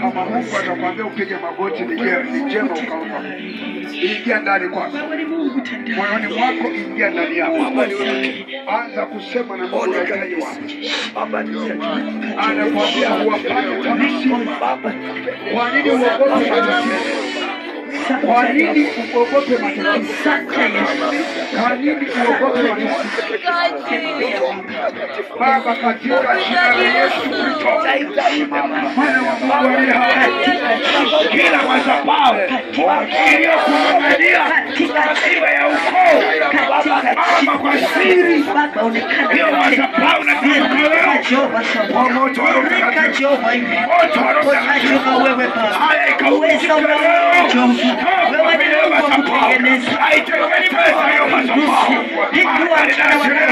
Kama Mungu atakwambia upige magoti, ni jema ukaomba. Ingia ndani kwako, moyoni mwako, ingia ndani yako, anza kusema na Mungu. Unahitaji wapi? Anakwambia uwafanye kama simba. Kwa nini uogope? Baridi uogope matatizo. Baridi uogope matatizo. Baba, katika jina la Yesu Kristo, Mwana wa Mungu aliye hai, kila madhabahu iliyokuangalia ratiba ya ukoo, Baba, kwa siri hiyo madhabahu na One more time. Cut your More time. your I ain't going to get to get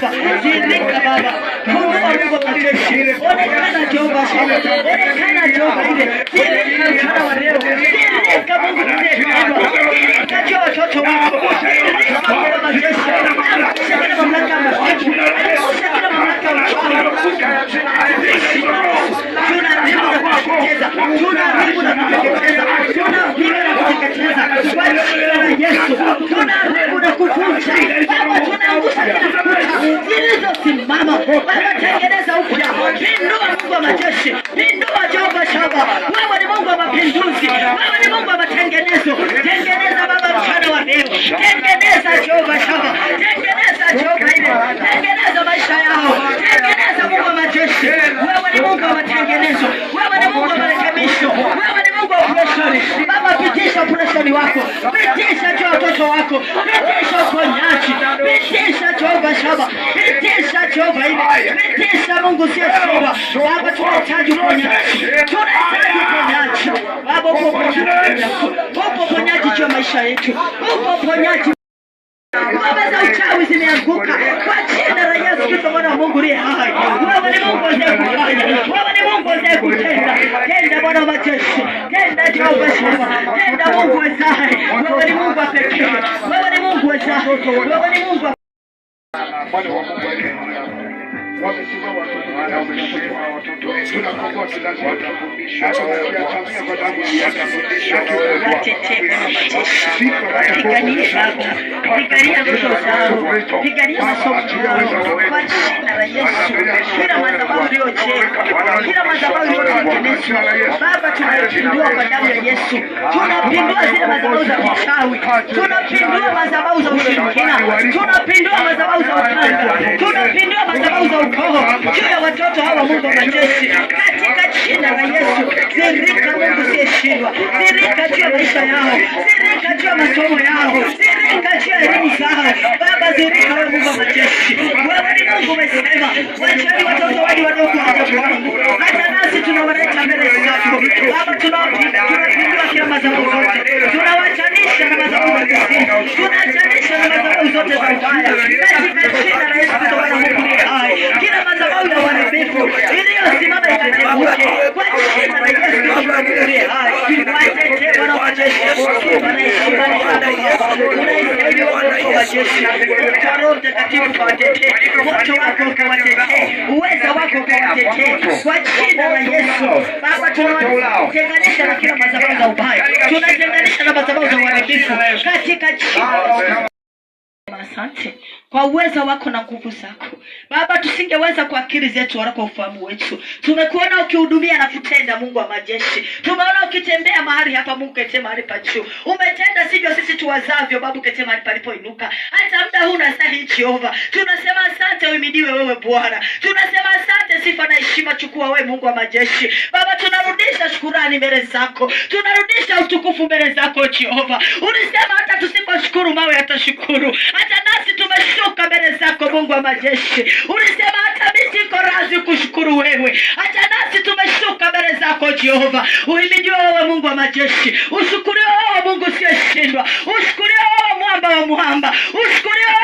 Vaca, Jimmy Cavada, Kumu Arugo Patricia, Onekana Joba Shire, Onekana Joba Ide, Jimmy Kanchana Wadero, Jimmy Kamungu Ide, Jimmy Kajoa Chocho Wako, Jimmy Kamungu Ide, Jimmy Kamungu Ide, mama wakatengeneza upya. Ni Mungu wa majeshi, ni Jehova Shaba. Wewe ni Mungu wa mapinduzi, wewe ni Mungu wa matengenezo. Tengeneza baba mchana wa leo, tengeneza Jehova Shaba, tengeneza Jehova ile, tengeneza maisha yao, tengeneza Mungu wa majeshi. Wewe ni Mungu wa matengenezo, wewe ni Mungu wa marekebisho, wewe ni Mungu wa operesheni. Baba, pitisha operesheni wako, pitisha juu watoto wako, pitisha Jehova ili pesa Mungu sio shida. Baba, tunahitaji uponyaji, tunahitaji uponyaji Baba, upo uponyaji, upo uponyaji juu maisha yetu, upo uponyaji. Ngome za uchawi zimeanguka kwa jina la Yesu Kristo, mwana Mungu aliye hai. Wewe ni Mungu ndiye kufanya, wewe ni Mungu ndiye kutenda. Tenda Bwana majeshi, tenda Jehova Shema, tenda Mungu wezaye. Wewe ni Mungu wa pekee, wewe ni Mungu wezaye, wewe ni Mungu wamesimama wameshikwa watoto tunakomboa kizazi hata wakiatamia kwa damu pigania masomo kwa jina la Yesu. Kila madhabahu iliyojengwa, kila madhabahu iliyotengenezwa, Baba, tunaipindua kwa damu ya Yesu. Tunapindua zile madhabahu za uchawi, tunapindua madhabahu za ushirikina, tunapindua madhabahu za utanga, tunapindua wokovu juu ya watoto hawa, Mungu wa majeshi, katika jina la Yesu. Zirika Mungu siyeshindwa, zirika juu ya maisha yao, zirika juu ya masomo yao, zirika juu ya elimu zao. Baba zirika, wewe Mungu wa majeshi, wewe ni Mungu umesema, wacheni watoto waje wadogo hawajakuona Roho moto wako ukawatetee, uweza wako ukawatetee kwa jina la Yesu. Baba, tunawatenganisha na kila madhabahu za ubaya, tunatenganisha na madhabahu za uharibifu katika jina kwa uwezo wako na nguvu zako Baba, tusingeweza kwa akili zetu wala kwa ufahamu wetu. Tumekuona ukihudumia na kutenda, Mungu wa majeshi. Tumeona ukitembea mahali hapa, Mungu ketee mahali pa juu, umetenda sivyo sisi tuwazavyo, babu uketee mahali palipoinuka. Hata muda huu na sahi, Jehova, tunasema asante, uimidiwe wewe Bwana, tunasema asante, sifa na heshima chukua wewe, Mungu wa majeshi Baba shukurani mbele zako, tunarudisha utukufu mbele zako Jehova. Ulisema hata tusiposhukuru mawe yatashukuru, hata nasi tumeshuka mbele zako Mungu wa majeshi. Ulisema hata miti iko razi kushukuru wewe, hata nasi tumeshuka mbele zako Jehova. Uhimidiwe wewe Mungu wa majeshi, ushukuriwe wewe Mungu usiyeshindwa, ushukuriwe wewe mwamba wa mwamba, ushukuriwe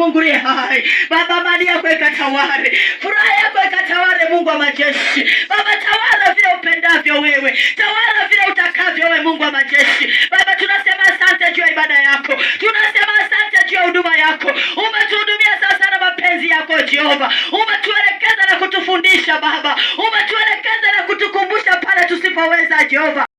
Mungu ni hai. Baba, mali yako ikatawale, furaha yako ikatawale, Mungu wa majeshi. Baba, tawala vile upendavyo wewe, tawala vile utakavyo wewe, Mungu wa majeshi. Baba, tunasema asante juu ya ibada yako, tunasema asante juu ya huduma yako. Umetuhudumia sasa na mapenzi yako Jehova, umetuelekeza na kutufundisha Baba, umetuelekeza na kutukumbusha pale tusipoweza Jehova.